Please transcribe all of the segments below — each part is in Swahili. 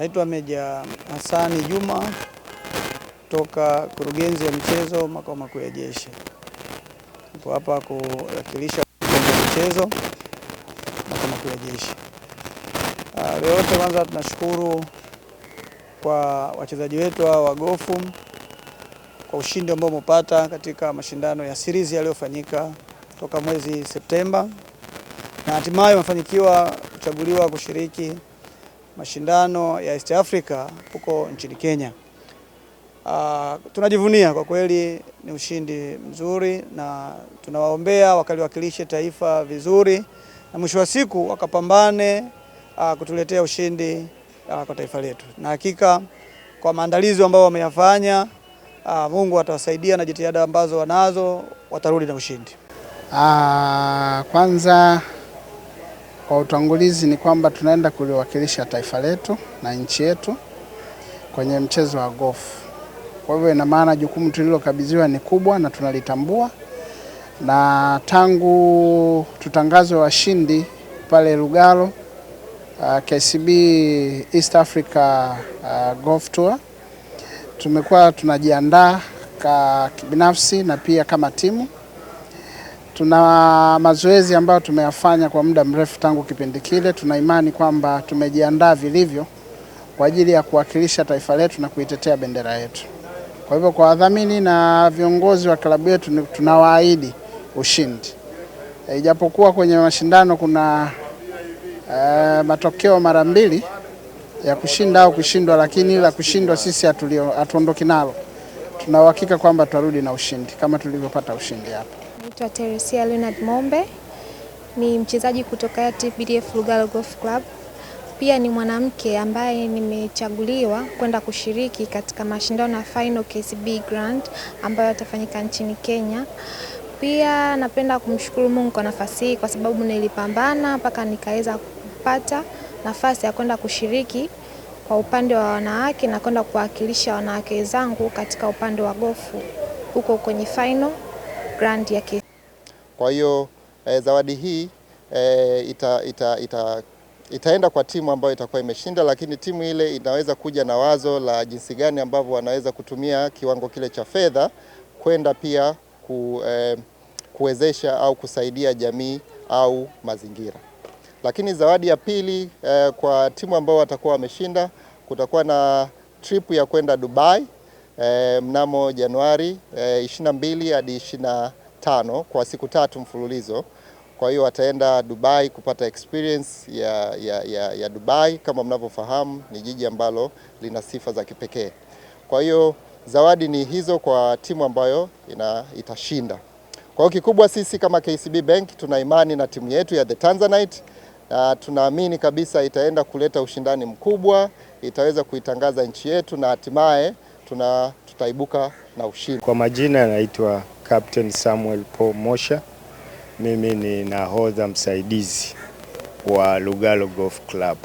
Naitwa Meja hasani Juma toka Kurugenzi ya Michezo makao makuu ya Jeshi. Nipo hapa kuwakilisha michezo makao makuu ya Jeshi. Yoyote ah, kwanza, tunashukuru kwa wachezaji wetu hawa wa gofu kwa ushindi ambao umepata katika mashindano ya series yaliyofanyika toka mwezi Septemba na hatimaye wamefanikiwa kuchaguliwa kushiriki mashindano ya East Africa huko nchini Kenya. Uh, tunajivunia kwa kweli, ni ushindi mzuri na tunawaombea wakaliwakilishe taifa vizuri na mwisho wa siku wakapambane uh, kutuletea ushindi uh, kwa taifa letu, na hakika kwa maandalizi ambayo wameyafanya uh, Mungu atawasaidia na jitihada ambazo wanazo watarudi na ushindi. Uh, kwanza kwa utangulizi ni kwamba tunaenda kuliwakilisha taifa letu na nchi yetu kwenye mchezo wa gofu. Kwa hivyo ina maana jukumu tulilokabidhiwa ni kubwa na tunalitambua, na tangu tutangazwe washindi pale Lugalo uh, KCB East Africa uh, Golf Tour tumekuwa tunajiandaa kibinafsi na pia kama timu Tuna mazoezi ambayo tumeyafanya kwa muda mrefu tangu kipindi kile. Tuna imani kwamba tumejiandaa vilivyo kwa ajili ya kuwakilisha taifa letu na kuitetea bendera yetu. Kwa hivyo, kwa wadhamini na viongozi wa klabu yetu tunawaahidi ushindi, eh, ijapokuwa e, kwenye mashindano kuna e, matokeo mara mbili ya kushinda au kushindwa, lakini la kushindwa sisi hatuondoki nalo. Tuna uhakika kwamba tutarudi na ushindi kama tulivyopata ushindi hapa naitwa Teresia Leonard Mombe, ni mchezaji kutoka TBDF Lugalo Golf Club. Pia ni mwanamke ambaye nimechaguliwa kwenda kushiriki katika mashindano ya final KCB Grand ambayo yatafanyika nchini Kenya. Pia napenda kumshukuru Mungu kwa nafasi hii kwa sababu nilipambana mpaka nikaweza kupata nafasi ya kwenda kushiriki kwa upande wa wanawake na kwenda kuwakilisha wanawake wenzangu katika upande wa gofu huko kwenye final grand ya KCB. Kwa hiyo e, zawadi hii e, ita, ita, ita, itaenda kwa timu ambayo itakuwa imeshinda, lakini timu ile inaweza kuja na wazo la jinsi gani ambavyo wanaweza kutumia kiwango kile cha fedha kwenda pia ku, e, kuwezesha au kusaidia jamii au mazingira. Lakini zawadi ya pili e, kwa timu ambao watakuwa wameshinda kutakuwa na trip ya kwenda Dubai e, mnamo Januari e, 22 hadi tano kwa siku tatu mfululizo. Kwa hiyo wataenda Dubai kupata experience ya, ya, ya, ya Dubai. Kama mnavyofahamu ni jiji ambalo lina sifa za kipekee. Kwa hiyo zawadi ni hizo kwa timu ambayo ina, itashinda. Kwa hiyo kikubwa sisi kama KCB Bank tuna imani na timu yetu ya The Tanzanite na tunaamini kabisa itaenda kuleta ushindani mkubwa, itaweza kuitangaza nchi yetu na hatimaye tuna tutaibuka na ushindi. Kwa majina yanaitwa Captain Samuel Paul Mosha. Mimi ni nahodha msaidizi wa Lugalo Golf Club.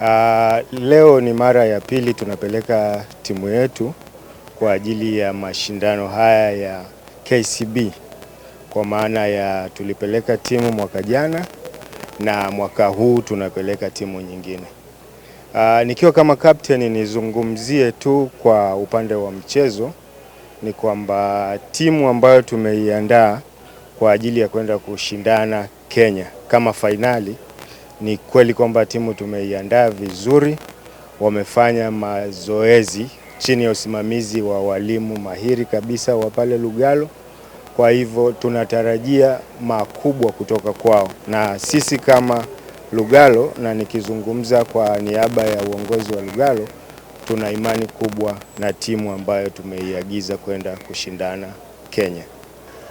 Uh, leo ni mara ya pili tunapeleka timu yetu kwa ajili ya mashindano haya ya KCB kwa maana ya tulipeleka timu mwaka jana na mwaka huu tunapeleka timu nyingine. Uh, nikiwa kama captain nizungumzie tu kwa upande wa mchezo ni kwamba timu ambayo tumeiandaa kwa ajili ya kwenda kushindana Kenya kama fainali, ni kweli kwamba timu tumeiandaa vizuri, wamefanya mazoezi chini ya usimamizi wa walimu mahiri kabisa wa pale Lugalo. Kwa hivyo tunatarajia makubwa kutoka kwao na sisi kama Lugalo, na nikizungumza kwa niaba ya uongozi wa Lugalo tuna imani kubwa na timu ambayo tumeiagiza kwenda kushindana Kenya.